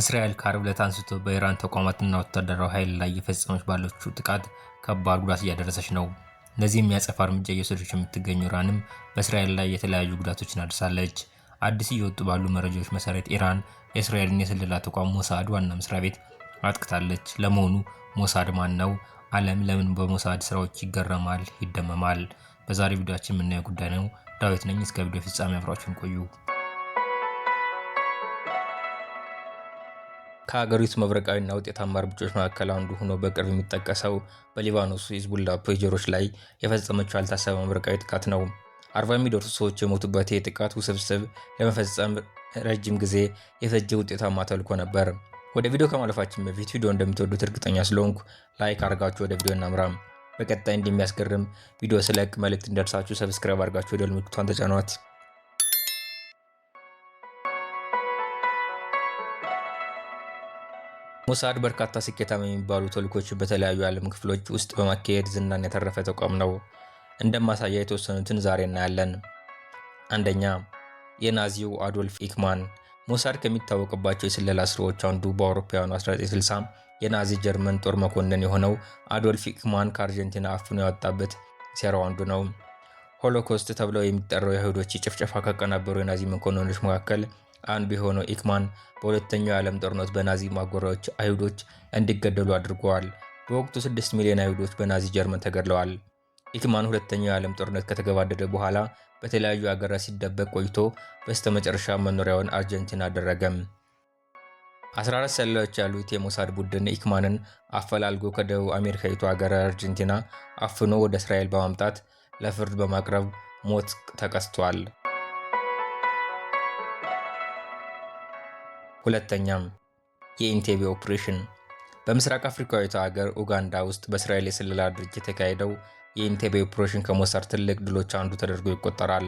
እስራኤል ከአርብ ዕለት አንስቶ በኢራን ተቋማትና ወታደራዊ ኃይል ላይ እየፈጸመች ባለችው ጥቃት ከባድ ጉዳት እያደረሰች ነው። እነዚህ የሚያጸፋ እርምጃ እየወሰደች የምትገኘው ኢራንም በእስራኤል ላይ የተለያዩ ጉዳቶችን አድርሳለች። አዲስ እየወጡ ባሉ መረጃዎች መሰረት ኢራን የእስራኤልን የስለላ ተቋም ሞሳድ ዋና መስሪያ ቤት አጥቅታለች። ለመሆኑ ሞሳድ ማን ነው? ዓለም ለምን በሞሳድ ስራዎች ይገረማል፣ ይደመማል? በዛሬ ቪዲዮችን የምናየው ጉዳይ ነው። ዳዊት ነኝ። እስከ ቪዲዮ ፍጻሜ አብራችሁን ቆዩ። ከሀገሪቱ መብረቃዊና ውጤታማ እርምጃዎች መካከል አንዱ ሆኖ በቅርብ የሚጠቀሰው በሊባኖሱ ሂዝቡላ ፔጀሮች ላይ የፈጸመችው ያልታሰበ መብረቃዊ ጥቃት ነው። አርባ የሚደርሱ ሰዎች የሞቱበት የጥቃት ውስብስብ፣ ለመፈጸም ረጅም ጊዜ የፈጀ ውጤታማ ተልኮ ነበር። ወደ ቪዲዮ ከማለፋችን በፊት ቪዲዮ እንደምትወዱት እርግጠኛ ስለሆንኩ ላይክ አድርጋችሁ ወደ ቪዲዮ እናምራም። በቀጣይ እንደሚያስገርም ቪዲዮ ስለቅ መልእክት እንደርሳችሁ ሰብስክራይብ አድርጋችሁ ወደ ተጫኗት። ሞሳድ በርካታ ስኬታማ የሚባሉ ተልኮች በተለያዩ የዓለም ክፍሎች ውስጥ በማካሄድ ዝናን ያተረፈ ተቋም ነው። እንደማሳያ የተወሰኑትን ዛሬ እናያለን። አንደኛ፣ የናዚው አዶልፍ ኢክማን። ሞሳድ ከሚታወቅባቸው የስለላ ስራዎች አንዱ በአውሮፓውያኑ 1960 የናዚ ጀርመን ጦር መኮንን የሆነው አዶልፍ ኢክማን ከአርጀንቲና አፍኖ ያወጣበት ሴራው አንዱ ነው። ሆሎኮስት ተብለው የሚጠራው የአይሁዶች ጭፍጨፋ ካቀናበሩ የናዚ መኮንኖች መካከል አንዱ የሆነው ኢክማን በሁለተኛው የዓለም ጦርነት በናዚ ማጎሪያዎች አይሁዶች እንዲገደሉ አድርገዋል። በወቅቱ 6 ሚሊዮን አይሁዶች በናዚ ጀርመን ተገድለዋል። ኢክማን ሁለተኛው የዓለም ጦርነት ከተገባደደ በኋላ በተለያዩ አገራት ሲደበቅ ቆይቶ በስተመጨረሻ መኖሪያውን አርጀንቲና አደረገም። 14 ሰላዮች ያሉት የሞሳድ ቡድን ኢክማንን አፈላልጎ ከደቡብ አሜሪካዊቱ ሀገር አርጀንቲና አፍኖ ወደ እስራኤል በማምጣት ለፍርድ በማቅረብ ሞት ተቀስቷል። ሁለተኛም የኢንቴቤ ኦፕሬሽን በምስራቅ አፍሪካዊቷ ሀገር ኡጋንዳ ውስጥ በእስራኤል የስለላ ድርጅት የተካሄደው የኢንቴቤ ኦፕሬሽን ከሞሳድ ትልቅ ድሎች አንዱ ተደርጎ ይቆጠራል።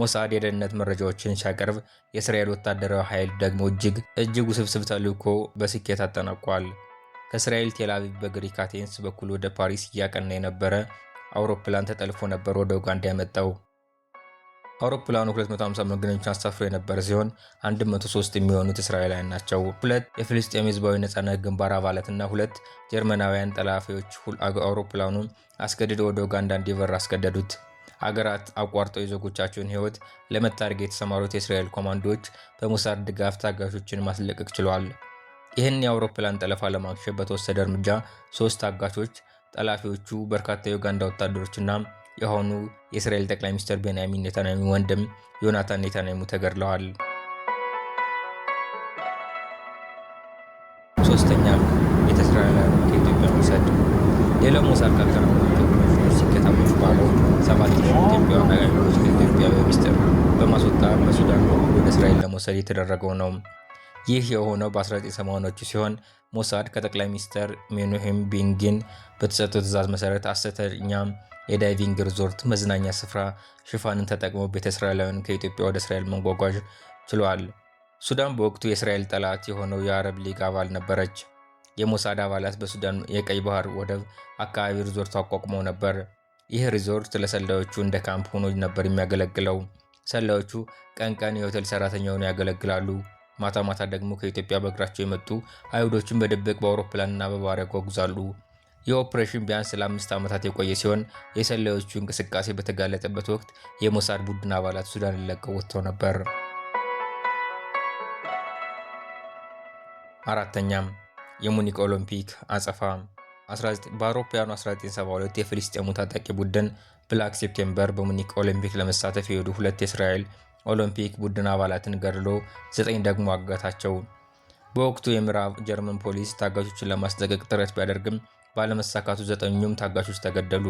ሞሳድ የደህንነት መረጃዎችን ሲያቀርብ፣ የእስራኤል ወታደራዊ ኃይል ደግሞ እጅግ እጅግ ውስብስብ ተልዕኮ በስኬት አጠናቋል። ከእስራኤል ቴልአቪቭ በግሪክ አቴንስ በኩል ወደ ፓሪስ እያቀና የነበረ አውሮፕላን ተጠልፎ ነበር ወደ ኡጋንዳ የመጣው። አውሮፕላኑ 250 መገነኞችን አሳፍሮ የነበረ ሲሆን 103 የሚሆኑት እስራኤላውያን ናቸው። ሁለት የፍልስጤም ህዝባዊ ነጻነት ግንባር አባላትና ሁለት ጀርመናውያን ጠላፊዎች አውሮፕላኑን አስገድደው ወደ ኡጋንዳ እንዲበር አስገደዱት። አገራት አቋርጠው የዜጎቻቸውን ህይወት ለመታደግ የተሰማሩት የእስራኤል ኮማንዶዎች በሙሳድ ድጋፍ ታጋሾችን ማስለቀቅ ችለዋል። ይህን የአውሮፕላን ጠለፋ ለማክሸፍ በተወሰደ እርምጃ ሶስት ታጋሾች ጠላፊዎቹ በርካታ የኡጋንዳ ወታደሮችና የሆኑ የእስራኤል ጠቅላይ ሚኒስትር ቤንያሚን ኔታንያሁ ወንድም ዮናታን ኔታንያሁ ተገድለዋል። ሶስተኛ ቤተ ከኢትዮጵያ መውሰድ ሌላው ሞሳድ ካልቀረቡ ኢትዮጵያዎች ሲከታመሱ ባለው ሰባት ኢትዮጵያውያን አጋሚዎች ከኢትዮጵያ በሚስጥር በማስወጣት በሱዳን በኩል ወደ እስራኤል ለመውሰድ የተደረገው ነው። ይህ የሆነው በ1980ዎቹ ሲሆን ሞሳድ ከጠቅላይ ሚኒስትር ሜኑሄም ቢንግን በተሰጠው ትእዛዝ መሰረት ሐሰተኛ የዳይቪንግ ሪዞርት መዝናኛ ስፍራ ሽፋንን ተጠቅመው ቤተ እስራኤላውያን ከኢትዮጵያ ወደ እስራኤል መጓጓዥ ችለዋል። ሱዳን በወቅቱ የእስራኤል ጠላት የሆነው የአረብ ሊግ አባል ነበረች። የሞሳድ አባላት በሱዳን የቀይ ባህር ወደብ አካባቢ ሪዞርት አቋቁመው ነበር። ይህ ሪዞርት ለሰላዮቹ እንደ ካምፕ ሆኖ ነበር የሚያገለግለው። ሰላዮቹ ቀን ቀን የሆቴል ሰራተኛ ሆነው ያገለግላሉ። ማታ ማታ ደግሞ ከኢትዮጵያ በእግራቸው የመጡ አይሁዶችን በድብቅ በአውሮፕላንና በባሪያ ያጓጉዛሉ። ይህ ኦፕሬሽን ቢያንስ ለአምስት ዓመታት የቆየ ሲሆን የሰላዮቹ እንቅስቃሴ በተጋለጠበት ወቅት የሞሳድ ቡድን አባላት ሱዳን ለቀው ወጥተው ነበር። አራተኛም የሙኒክ ኦሎምፒክ አጸፋ። በአውሮፓውያኑ 1972 የፍልስጤሙ ታጣቂ ቡድን ብላክ ሴፕቴምበር በሙኒክ ኦሎምፒክ ለመሳተፍ የሄዱ ሁለት የእስራኤል ኦሎምፒክ ቡድን አባላትን ገድሎ ዘጠኝ ደግሞ አጋታቸው። በወቅቱ የምዕራብ ጀርመን ፖሊስ ታጋቾችን ለማስጠቀቅ ጥረት ቢያደርግም ባለመሳካቱ ዘጠኙም ታጋቾች ተገደሉ።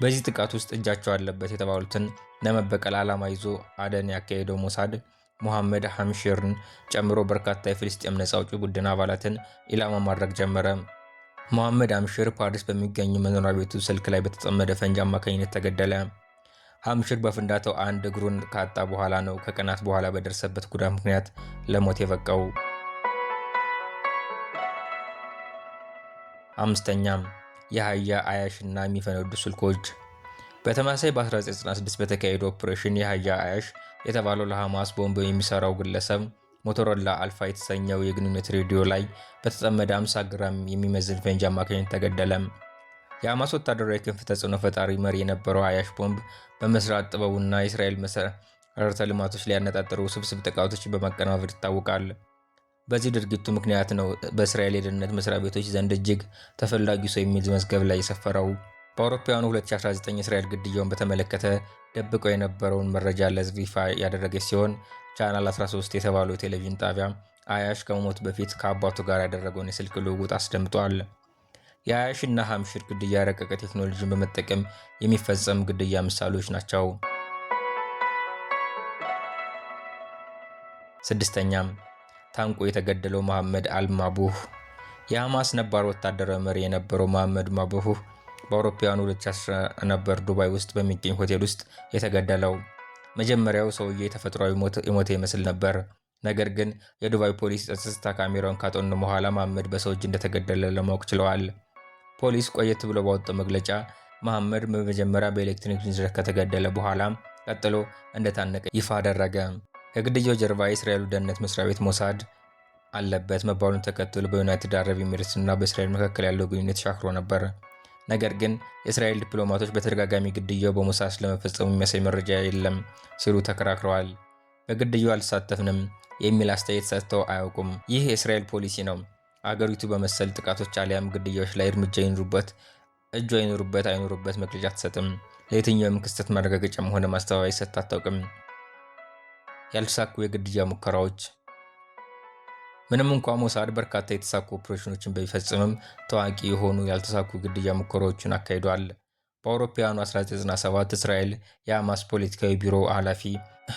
በዚህ ጥቃት ውስጥ እጃቸው አለበት የተባሉትን ለመበቀል ዓላማ ይዞ አደን ያካሄደው ሞሳድ ሙሐመድ ሐምሽርን ጨምሮ በርካታ የፍልስጤም ነፃ አውጪ ቡድን አባላትን ኢላማ ማድረግ ጀመረ። ሙሐመድ ሐምሽር ፓሪስ በሚገኝ መኖሪያ ቤቱ ስልክ ላይ በተጠመደ ፈንጂ አማካኝነት ተገደለ። ሐምሽር በፍንዳታው አንድ እግሩን ካጣ በኋላ ነው ከቀናት በኋላ በደረሰበት ጉዳት ምክንያት ለሞት የበቃው። አምስተኛም የሀያ አያሽና የሚፈነዱ ስልኮች በተመሳሳይ በ1996 በተካሄደ ኦፕሬሽን የሀያ አያሽ የተባለው ለሐማስ ቦምብ የሚሰራው ግለሰብ ሞቶሮላ አልፋ የተሰኘው የግንኙነት ሬዲዮ ላይ በተጠመደ 50 ግራም የሚመዝን ፈንጂ አማካኝነት ተገደለ። የሐማስ ወታደራዊ ክንፍ ተጽዕኖ ፈጣሪ መሪ የነበረው አያሽ ቦምብ በመስራት ጥበቡና የእስራኤል መሰረተ ልማቶች ላይ ያነጣጠሩ ስብስብ ጥቃቶችን በማቀነባበር ይታወቃል። በዚህ ድርጊቱ ምክንያት ነው በእስራኤል የደህንነት መስሪያ ቤቶች ዘንድ እጅግ ተፈላጊ ሰው የሚል መዝገብ ላይ የሰፈረው። በአውሮፓውያኑ 2019 እስራኤል ግድያውን በተመለከተ ደብቀው የነበረውን መረጃ ለህዝብ ይፋ ያደረገች ሲሆን ቻናል 13 የተባለው የቴሌቪዥን ጣቢያ አያሽ ከመሞት በፊት ከአባቱ ጋር ያደረገውን የስልክ ልውውጥ አስደምጧል። የአያሽ እና ሐምሽር ግድያ ረቀቀ ቴክኖሎጂን በመጠቀም የሚፈጸም ግድያ ምሳሌዎች ናቸው። ስድስተኛም ታንቆ የተገደለው መሐመድ አልማቡህ የሐማስ ነባር ወታደራዊ መሪ የነበረው መሐመድ ማቡህ በአውሮፓውያኑ 2010 ነበር ዱባይ ውስጥ በሚገኝ ሆቴል ውስጥ የተገደለው። መጀመሪያው ሰውዬ ተፈጥሯዊ የሞተ ይመስል ነበር። ነገር ግን የዱባይ ፖሊስ ጸጥታ ካሜራውን ካጠኑ በኋላ መሐመድ በሰው እጅ እንደተገደለ ለማወቅ ችለዋል። ፖሊስ ቆየት ብሎ ባወጣው መግለጫ መሐመድ በመጀመሪያ በኤሌክትሪክ ዝንጅር ከተገደለ በኋላ ቀጥሎ እንደታነቀ ይፋ አደረገ። ከግድያው ጀርባ የእስራኤሉ ደህንነት መስሪያ ቤት ሞሳድ አለበት መባሉን ተከትሎ በዩናይትድ አረብ ኤሚሬትስ እና በእስራኤል መካከል ያለው ግንኙነት ሻክሮ ነበር። ነገር ግን የእስራኤል ዲፕሎማቶች በተደጋጋሚ ግድያው በሞሳድ ስለመፈጸሙ የሚያሳይ መረጃ የለም ሲሉ ተከራክረዋል። በግድያው አልተሳተፍንም የሚል አስተያየት ሰጥተው አያውቁም። ይህ የእስራኤል ፖሊሲ ነው። አገሪቱ በመሰል ጥቃቶች አሊያም ግድያዎች ላይ እርምጃ ይኑሩበት እጇ ይኑሩበት አይኑሩበት መግለጫ አትሰጥም። ለየትኛውም ክስተት ማረጋገጫም ሆነ ማስተባበያ ሰጥታ አታውቅም። ያልተሳኩ የግድያ ሙከራዎች። ምንም እንኳ ሞሳድ በርካታ የተሳኩ ኦፕሬሽኖችን ቢፈጽምም ታዋቂ የሆኑ ያልተሳኩ ግድያ ሙከራዎችን አካሂዷል። በአውሮፓውያኑ 1997 እስራኤል የሐማስ ፖለቲካዊ ቢሮ ኃላፊ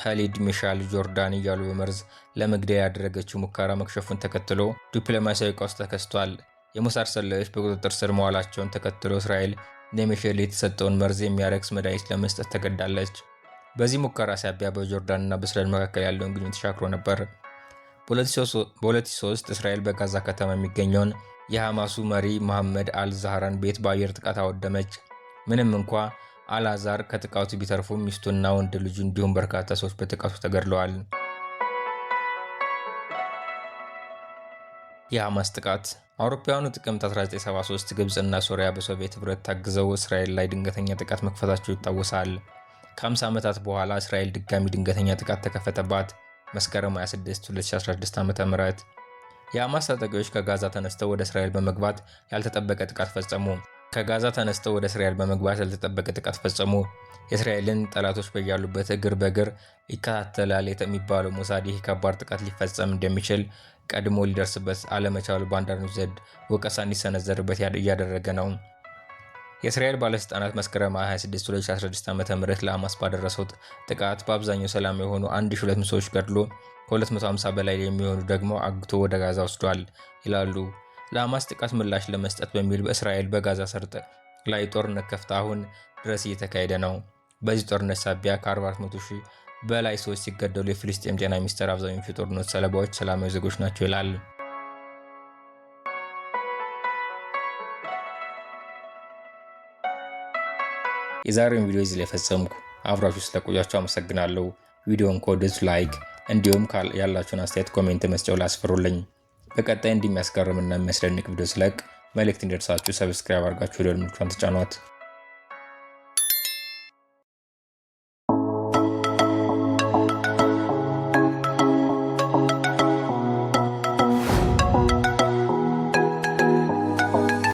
ሀሊድ ሚሻል ጆርዳን እያሉ በመርዝ ለመግደል ያደረገችው ሙከራ መክሸፉን ተከትሎ ዲፕሎማሲያዊ ቀውስ ተከስቷል። የሞሳድ ሰላዮች በቁጥጥር ስር መዋላቸውን ተከትሎ እስራኤል ለሚሼል የተሰጠውን መርዝ የሚያረክስ መድኃኒት ለመስጠት ተገዳለች። በዚህ ሙከራ ሳቢያ እና በእስራኤል መካከል ያለውን ግንኙነት ተሻክሮ ነበር። በ2003 እስራኤል በጋዛ ከተማ የሚገኘውን የሐማሱ መሪ መሐመድ አልዛህራን ቤት በአየር ጥቃት አወደመች። ምንም እንኳ አልአዛር ከጥቃቱ ቢተርፉም ሚስቱና ወንድ ልጁ እንዲሁም በርካታ ሰዎች በጥቃቱ ተገድለዋል። የሐማስ ጥቃት አውሮፓውያኑ ጥቅምት 1973 ግብፅና ሶሪያ በሶቪየት ህብረት ታግዘው እስራኤል ላይ ድንገተኛ ጥቃት መክፈታቸው ይታወሳል። ከ50 ዓመታት በኋላ እስራኤል ድጋሚ ድንገተኛ ጥቃት ተከፈተባት። መስከረም 26 2016 ም የሐማስ ታጣቂዎች ከጋዛ ተነስተው ወደ እስራኤል በመግባት ያልተጠበቀ ጥቃት ፈጸሙ። ከጋዛ ተነስተው ወደ እስራኤል በመግባት ያልተጠበቀ ጥቃት ፈጸሙ። የእስራኤልን ጠላቶች በያሉበት እግር በእግር ይከታተላል የሚባለው ሞሳድ ይህ ከባድ ጥቃት ሊፈጸም እንደሚችል ቀድሞ ሊደርስበት አለመቻሉ በአንዳንዶች ዘንድ ወቀሳ እንዲሰነዘርበት እያደረገ ነው። የእስራኤል ባለስልጣናት መስከረም 26 2016 ም ለሐማስ ባደረሰው ጥቃት በአብዛኛው ሰላም የሆኑ 1200 ሰዎች ገድሎ ከ250 በላይ የሚሆኑ ደግሞ አግቶ ወደ ጋዛ ወስዷል ይላሉ። ለሐማስ ጥቃት ምላሽ ለመስጠት በሚል በእስራኤል በጋዛ ሰርጥ ላይ ጦርነት ከፍታ አሁን ድረስ እየተካሄደ ነው። በዚህ ጦርነት ሳቢያ ከ400 ሺህ በላይ ሰዎች ሲገደሉ፣ የፍልስጤም ጤና ሚኒስቴር አብዛኞቹ የጦርነት ሰለባዎች ሰላማዊ ዜጎች ናቸው ይላል። የዛሬውን ቪዲዮ እዚህ ላይ ፈጸምኩ። አብራችሁ ስለቆያችሁ አመሰግናለሁ። ቪዲዮን ከወደዳችሁት ላይክ፣ እንዲሁም ያላችሁን አስተያየት ኮሜንት መስጫው ላይ አስፍሩልኝ። በቀጣይ እንዲህ የሚያስገርምና የሚያስደንቅ ቪዲዮ ስለቅ መልእክት እንዲደርሳችሁ ሰብስክራይብ አድርጋችሁ ደወል ምልክቷን ተጫኗት።